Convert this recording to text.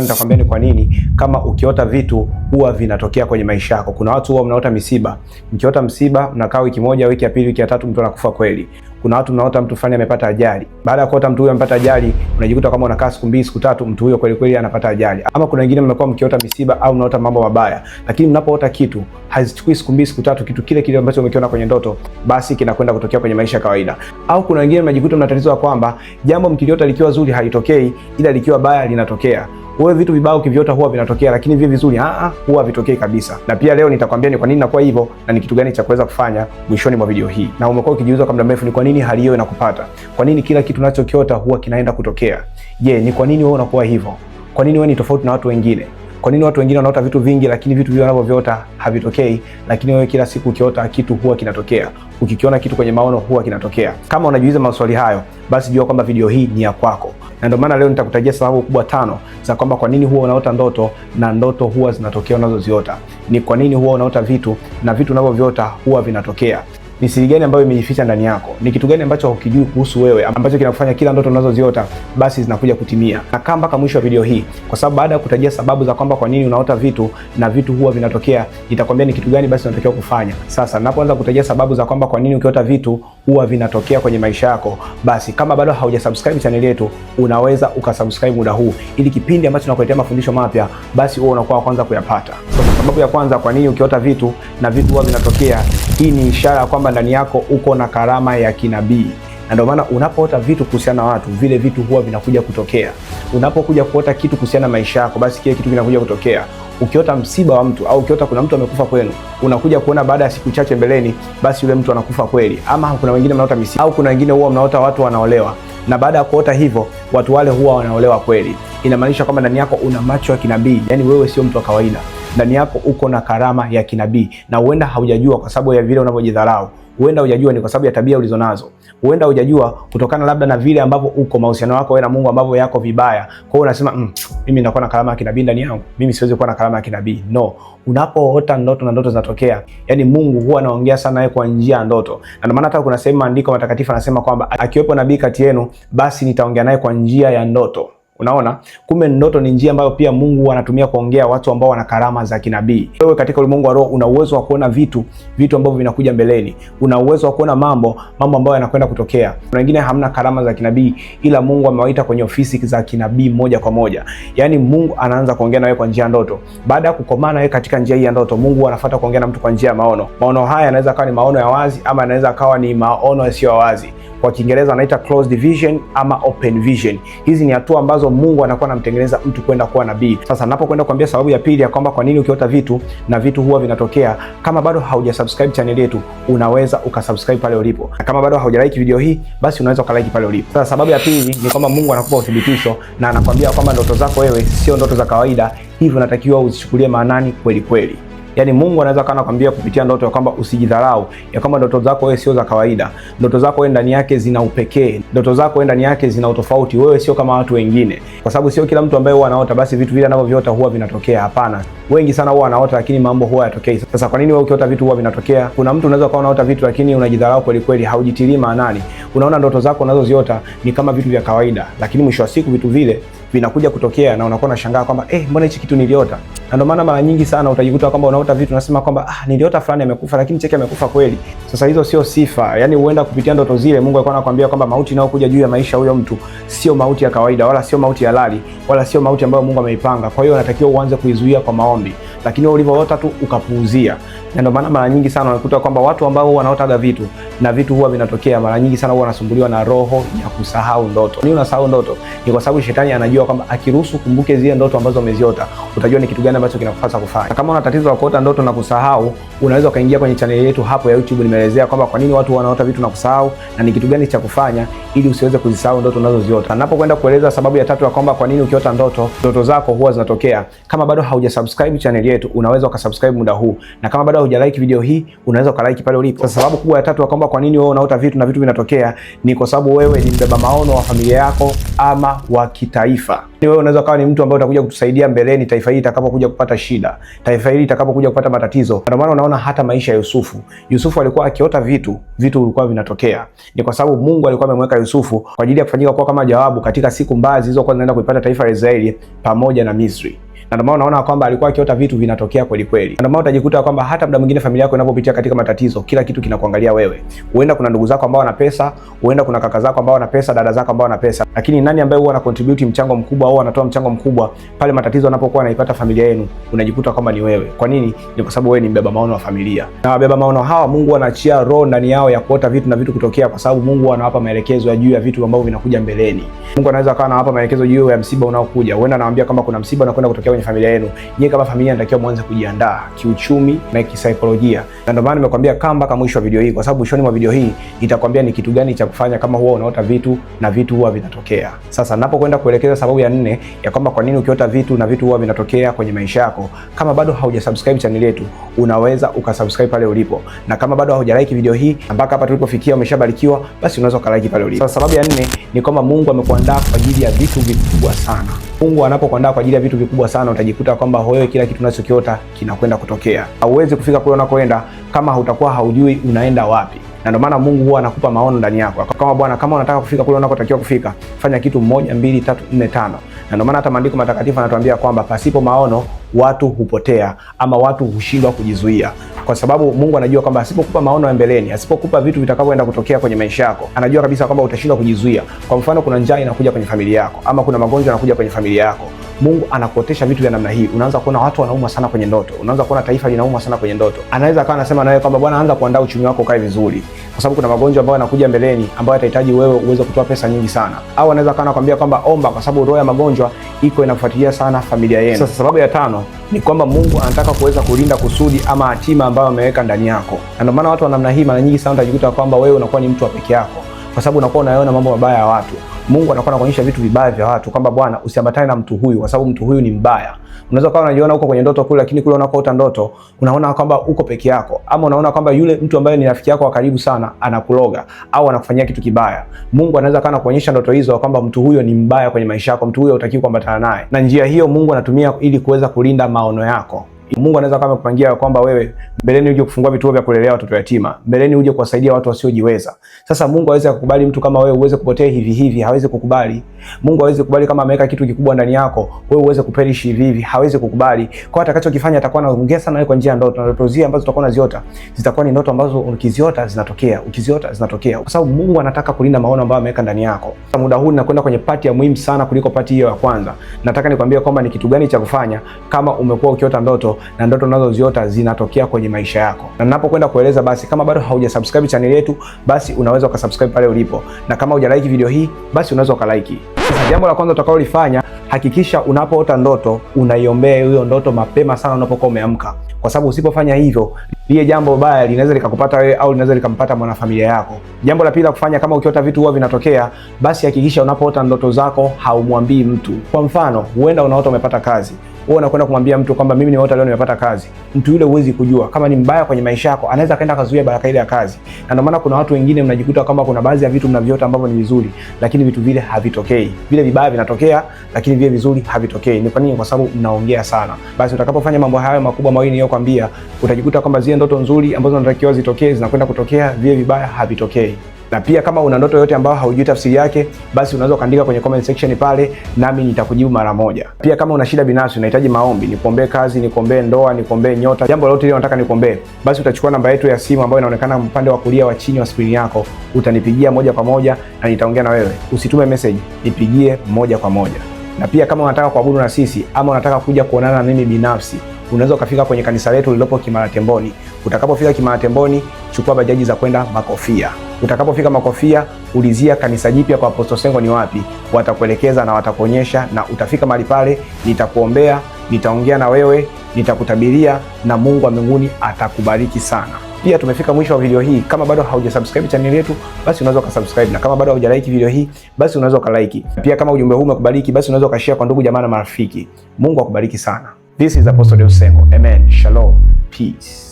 Nitakwambia ni kwa nini kama ukiota vitu huwa vinatokea kwenye maisha yako. Kuna watu huwa mnaota misiba, mkiota msiba mnakaa wiki moja, wiki ya pili, wiki ya tatu, mtu anakufa kweli kuna watu mnaota mtu fulani amepata ajali. Baada ya kuota mtu huyo amepata ajali, unajikuta kama unakaa siku mbili siku tatu, mtu huyo kweli kweli anapata ajali. Ama kuna wengine mmekuwa mkiota misiba au mnaota mambo mabaya, lakini mnapoota kitu hazichukui siku mbili siku tatu, kitu kile kile ambacho umekiona kwenye ndoto basi kinakwenda kutokea kwenye maisha ya kawaida. Au kuna wengine mnajikuta mna tatizo kwamba jambo mkiliota likiwa zuri halitokei, ila likiwa baya linatokea. Wewe vitu vibaya ukiviota huwa vinatokea, lakini vile vizuri a ah, a ah, huwa vitokei kabisa. Na pia leo nitakwambia ni kwa nini nakuwa hivyo na ni kitu gani cha kuweza kufanya mwishoni mwa video hii. Na umekuwa ukijiuliza kwa muda mrefu ni kwa nini nini hali hiyo inakupata? Kwa nini kila kitu unachokiota huwa kinaenda kutokea? Je, ni kwa nini wewe unakuwa hivyo? Kwa nini wewe ni tofauti na watu wengine? Kwa nini watu wengine wanaota vitu vingi lakini vitu vile wanavyoviota havitokei, lakini wewe kila siku ukiota kitu huwa kinatokea? Ukikiona kitu kwenye maono huwa kinatokea? Kama unajiuliza maswali hayo, basi jua kwamba video hii ni ya kwako, na ndio maana leo nitakutajia sababu kubwa tano za kwamba kwa nini huwa unaota ndoto na ndoto huwa zinatokea unazoziota. Ni kwa nini huwa unaota vitu na vitu unavyoviota huwa vinatokea. Ni siri gani ambayo imejificha ndani yako? Ni kitu gani ambacho hukijui kuhusu wewe ambacho kinakufanya kila ndoto unazoziota basi zinakuja kutimia? Na kaa mpaka mwisho wa video hii, kwa sababu baada ya kutajia sababu za kwamba kwa nini unaota vitu na vitu huwa vinatokea, nitakwambia ni kitu gani basi unatakiwa kufanya. Sasa napoanza kutajia sababu za kwamba kwa nini ukiota vitu huwa vinatokea kwenye maisha yako. Basi kama bado haujasubscribe chaneli yetu, unaweza ukasubscribe muda huu, ili kipindi ambacho tunakuletea mafundisho mapya, basi wewe unakuwa wa kwanza kuyapata. Kwa sababu ya kwanza, kwa nini ukiota vitu na vitu huwa vinatokea? Hii ni ishara ya kwamba ndani yako uko na karama ya kinabii na ndio maana unapoota vitu kuhusiana na watu, vile vitu huwa vinakuja kutokea. Unapokuja kuota kitu kuhusiana na maisha yako, basi kile kitu kinakuja kutokea. Ukiota msiba wa mtu au ukiota kuna mtu amekufa kwenu, unakuja kuona baada ya siku chache mbeleni, basi yule mtu anakufa kweli. Ama kuna wengine mnaota misiba, au kuna wengine huwa mnaota watu wanaolewa, na baada ya kuota hivyo watu wale huwa wanaolewa kweli. Inamaanisha kwamba ndani yako una macho ya kinabii, yani wewe sio mtu wa kawaida ndani yako uko na karama ya kinabii, na huenda haujajua kwa sababu ya vile unavyojidharau huenda hujajua ni kwa sababu ya tabia ulizonazo. Huenda hujajua kutokana labda na vile ambavyo uko mahusiano yako wewe na Mungu ambavyo yako vibaya. Kwa hiyo unasema mm, mimi nitakuwa na karama ya kinabii ndani yangu, mimi siwezi kuwa na karama ya kinabii. No, unapoota ndoto na ndoto zinatokea, yani Mungu huwa anaongea sana yeye kwa njia ya ndoto, na ndio maana hata kuna sehemu maandiko matakatifu anasema kwamba akiwepo nabii kati yenu, basi nitaongea naye kwa njia ya ndoto. Unaona, kumbe ndoto ni njia ambayo pia Mungu anatumia kuongea watu ambao wana karama za kinabii. Wewe katika ulimwengu wa roho una uwezo wa kuona vitu, vitu ambavyo vinakuja mbeleni. Una uwezo wa kuona mambo, mambo ambayo yanakwenda kutokea. Kuna wengine hamna karama za kinabii, ila Mungu amewaita kwenye ofisi za kinabii moja kwa moja. Yaani Mungu anaanza kuongea na wewe kwa njia ya ndoto. Baada ya kukomana wewe katika njia hii ya ndoto, Mungu anafuata kuongea na mtu kwa njia ya maono. Maono haya yanaweza kuwa ni maono ya wazi ama yanaweza kuwa ni maono yasiyo wazi. Kwa Kiingereza anaita closed vision ama open vision. Hizi ni hatua ambazo Mungu anakuwa anamtengeneza mtu kwenda kuwa nabii. Sasa napokwenda kuambia sababu ya pili ya kwamba kwa nini ukiota vitu na vitu huwa vinatokea, kama bado haujasubscribe channel yetu, unaweza ukasubscribe pale ulipo, na kama bado haujalike video hii, basi unaweza ukalike pale ulipo. Sasa sababu ya pili ni kwamba Mungu anakupa uthibitisho na anakuambia kwamba ndoto zako wewe sio ndoto za kawaida, hivyo unatakiwa uzichukulie maanani kweli kweli. Yaani Mungu anaweza kana kwambia kupitia ndoto ya kwamba usijidharau, ya kwamba ndoto zako wewe sio za kawaida. Ndoto zako wewe ndani yake zina upekee. Ndoto zako wewe ndani yake zina utofauti. Wewe sio kama watu wengine. Kwa sababu sio kila mtu ambaye huwa anaota basi vitu vile anavyoviota huwa vinatokea. Hapana. Wengi sana huwa wanaota lakini mambo huwa yatokei. Sasa kwa nini wewe ukiota vitu huwa vinatokea? Kuna mtu unaweza kuwa unaota vitu lakini unajidharau kweli kweli, haujitilii maanani. Unaona ndoto zako unazoziota ni kama vitu vya kawaida, lakini mwisho wa siku vitu vile vinakuja kutokea na unakuwa unashangaa kwamba eh, mbona hichi kitu niliota. Na ndio maana mara nyingi sana utajikuta kwamba unaota vitu unasema kwamba ah, niliota fulani amekufa, lakini cheki amekufa kweli. Sasa hizo sio sifa, yani huenda kupitia ndoto zile Mungu alikuwa anakuambia kwamba mauti kuja juu ya maisha huyo mtu sio mauti ya kawaida, wala sio mauti halali, wala sio mauti ambayo Mungu ameipanga. Kwa hiyo unatakiwa uanze kuizuia kwa maombi, lakini wewe ulivyoota tu ukapuuzia. Na ndio maana mara nyingi sana unakuta kwamba watu ambao wanaotaga vitu na vitu huwa vinatokea mara nyingi sana, huwa anasumbuliwa na roho ya kusahau ndoto. Ni unasahau ndoto ni kwa sababu shetani anajua kwamba akiruhusu kumbuke zile ndoto ambazo umeziota, utajua ni kitu gani ambacho kinakupasa kufanya. Na Kama una tatizo la kuota ndoto na kusahau, unaweza ukaingia kwenye chaneli yetu hapo ya YouTube, nimeelezea kwamba kwa nini watu wanaota vitu na kusahau na ni kitu gani cha kufanya ili usiweze kuzisahau ndoto unazoziota. Napokwenda kueleza sababu ya tatu ya kwamba kwa nini ukiota ndoto ndoto zako huwa zinatokea. Kama bado haujasubscribe channel yetu, unaweza ukasubscribe muda huu, na kama bado haujalike video hii, unaweza ukalike pale ulipo. Sababu kubwa ya tatu ya kwamba kwa nini wewe unaota vitu na vitu vinatokea, ni kwa sababu wewe ni mbeba maono wa familia yako ama wa kitaifa. Wewe unaweza kawa ni mtu ambaye utakuja kutusaidia mbeleni, taifa hili litakapokuja kupata shida, taifa hili litakapokuja kupata matatizo. Ndio maana unaona hata maisha ya Yusufu. Yusufu alikuwa akiota vitu, vitu vilikuwa vinatokea, ni kwa sababu Mungu alikuwa amemweka Yusufu kwa ajili ya kufanyika kuwa kama jawabu katika siku mbaya zilizokuwa zinaenda kuipata taifa la Israeli pamoja na Misri na ndio maana unaona kwamba alikuwa akiota vitu vinatokea kweli kweli. Na Ndio maana utajikuta kwamba hata muda mwingine familia yako inapopitia katika matatizo, kila kitu kinakuangalia wewe. Huenda kuna ndugu zako ambao wana pesa, huenda kuna kaka zako ambao wana pesa, dada zako ambao wana pesa, lakini nani ambaye huwa ana contribute mchango mkubwa au anatoa mchango mkubwa pale matatizo yanapokuwa yanaipata familia yenu, unajikuta kwamba ni wewe. Kwa nini? Ni kwa sababu wewe ni mbeba maono wa familia, na wabeba maono hawa Mungu anaachia roho ndani yao ya kuota vitu na vitu kutokea, kwa sababu Mungu anawapa maelekezo ya juu ya vitu ambavyo vinakuja mbeleni. Mungu anaweza akawa anawapa maelekezo juu ya msiba unaokuja, huenda anawaambia kwamba kuna msiba unakwenda kutokea kwenye familia yenu. Nyie kama familia natakiwa mwanze kujiandaa kiuchumi na kisaikolojia, na ndio maana nimekwambia kaa mpaka mwisho wa video hii, kwa sababu mwishoni mwa video hii itakwambia ni kitu gani cha kufanya kama huwa unaota vitu na vitu huwa vinatokea. Sasa napokwenda kuelekeza sababu ya nne ya kwamba kwa nini ukiota vitu na vitu huwa vinatokea kwenye maisha yako, kama bado haujasubscribe channel yetu, unaweza ukasubscribe pale ulipo, na kama bado haujalike video hii mpaka hapa tulipofikia, umeshabarikiwa, basi unaweza ukalike pale ulipo. Sasa sababu ya nne ni kwamba Mungu amekuandaa kwa ajili ya vitu vikubwa sana. Mungu anapokuandaa kwa ajili ya vitu vikubwa sana utajikuta kwamba wewe kila kitu unachokiota kinakwenda kutokea. Hauwezi kufika kule unakoenda kama hutakuwa haujui unaenda wapi, na ndio maana Mungu huwa anakupa maono ndani yako, kama bwana, kama unataka kufika kule unakotakiwa kufika, fanya kitu moja, mbili, tatu, nne, tano. Na ndio maana hata maandiko matakatifu anatuambia kwamba pasipo maono watu hupotea ama watu hushindwa kujizuia, kwa sababu Mungu anajua kwamba asipokupa maono ya mbeleni, asipokupa vitu vitakavyoenda kutokea kwenye maisha yako, anajua kabisa kwamba utashindwa kujizuia. Kwa mfano, kuna njaa inakuja kwenye familia yako ama kuna magonjwa yanakuja kwenye familia yako. Mungu anakuotesha vitu vya namna hii. Unaanza kuona watu wanaumwa sana kwenye ndoto, unaanza kuona taifa linaumwa sana kwenye ndoto. Anaweza akawa anasema nawe kwamba bwana, anza kuandaa uchumi wako ukae vizuri, kwa sababu kuna magonjwa ambayo yanakuja mbeleni ambayo yatahitaji wewe uweze kutoa pesa nyingi sana. Au anaweza akawa anakuambia kwamba omba, kwa sababu roho ya magonjwa iko inafuatilia sana familia yenu. Sasa sababu ya tano ni kwamba Mungu anataka kuweza kulinda kusudi ama hatima ambayo ameweka ndani yako, na ndio maana watu wa namna hii mara nyingi sana utajikuta kwamba wewe unakuwa ni mtu wa peke yako kwa sababu unakuwa unaona mambo mabaya ya watu. Mungu anakuwa anakuonyesha vitu vibaya vya watu kwamba bwana, usiambatane na mtu huyu kwa sababu mtu huyu ni mbaya. Unaweza kuwa unajiona huko kwenye ndoto kule, lakini kule unakoota ndoto unaona kwamba uko peke yako, ama unaona kwamba yule mtu ambaye ni rafiki yako wa karibu sana anakuloga au anakufanyia kitu kibaya. Mungu anaweza kana kuonyesha ndoto hizo kwamba mtu huyo ni mbaya kwenye maisha yako, mtu huyo hutakiwi kuambatana naye, na njia hiyo Mungu anatumia ili kuweza kulinda maono yako. Mungu anaweza kama kupangia kwamba wewe mbeleni uje kufungua vituo vya kulelea watoto yatima, mbeleni uje kuwasaidia watu wasiojiweza. Sasa Mungu hawezi kukubali mtu kama wewe uweze kupotea hivi hivi, hawezi kukubali. Mungu hawezi kukubali kama ameweka kitu kikubwa ndani yako, wewe uweze kuperish hivi hivi, hawezi kukubali. Kwa atakachokifanya atakuwa anaongea sana wewe kwa njia ya ndoto, na ndoto zile ambazo utakuwa unaziota zitakuwa ni ndoto ambazo ukiziota zinatokea, ukiziota zinatokea, kwa sababu Mungu anataka kulinda maono ambayo ameweka ndani yako. Muda huu ninakwenda kwenye pati ya muhimu sana kuliko pati hiyo ya kwanza. Nataka nikwambie kwamba ni kitu gani cha kufanya kama umekuwa ukiota ndoto na ndoto unazoziota zinatokea kwenye maisha yako. Na ninapokwenda kueleza, basi kama bado haujasubscribe channel yetu, basi unaweza ukasubscribe pale ulipo, na kama hujalike video hii, basi unaweza ukalike. Sasa jambo la kwanza utakalolifanya hakikisha unapoota ndoto unaiombea hiyo ndoto mapema sana unapokuwa umeamka, kwa sababu usipofanya hivyo lile jambo baya linaweza likakupata wewe au linaweza likampata mwanafamilia yako. Jambo la pili la kufanya, kama ukiota vitu huwa vinatokea, basi hakikisha unapoota ndoto zako haumwambii mtu. Kwa mfano, huenda unaota umepata kazi wewe unakwenda kumwambia mtu kwamba mimi nimeota leo nimepata kazi, mtu yule huwezi kujua kama ni mbaya kwenye maisha yako, anaweza kaenda kazuia baraka ile ya kazi. Na ndio maana kuna watu wengine mnajikuta kwamba kuna baadhi ya vitu mnaviota ambavyo ni vizuri, lakini vitu vile havitokei. Vile vibaya vinatokea, lakini vile vizuri havitokei. Ni kwa nini? Kwa sababu mnaongea sana. Basi utakapofanya mambo hayo makubwa mawili niliyokuambia, utajikuta kwamba zile ndoto nzuri ambazo unatakiwa zitokee zinakwenda kutokea, vile vibaya havitokei na pia kama una ndoto yote ambayo haujui tafsiri yake, basi unaweza ukaandika kwenye comment section pale, nami nitakujibu mara moja. Pia kama una shida binafsi, unahitaji maombi, nikuombee kazi, nikuombee ndoa, nikuombee nyota, jambo lolote lile unataka nikuombee, basi utachukua namba yetu ya simu ambayo inaonekana upande wa kulia wa chini wa screen yako, utanipigia moja kwa moja na nitaongea na wewe. Usitume message, nipigie moja kwa moja. Na pia kama unataka kuabudu na sisi ama unataka kuja kuonana na mimi binafsi unaweza ukafika kwenye kanisa letu lililopo Kimara Temboni. Utakapofika Kimara Temboni, chukua bajaji za kwenda Makofia. Utakapofika Makofia, ulizia kanisa jipya kwa Apostle Sengo ni wapi, watakuelekeza na watakuonyesha, na utafika mahali pale, nitakuombea, nitaongea na wewe, nitakutabiria na Mungu wa mbinguni atakubariki sana. Pia tumefika mwisho wa video hii. Kama bado haujasubscribe channel yetu, basi unaweza ukasubscribe, na kama bado haujalike video hii, basi unaweza ukalike. Pia kama ujumbe huu umekubariki, basi unaweza ukashare kwa ndugu, jamaa na marafiki. Mungu akubariki sana. This is Apostle Deusi Sengo. Amen. Shalom. Peace.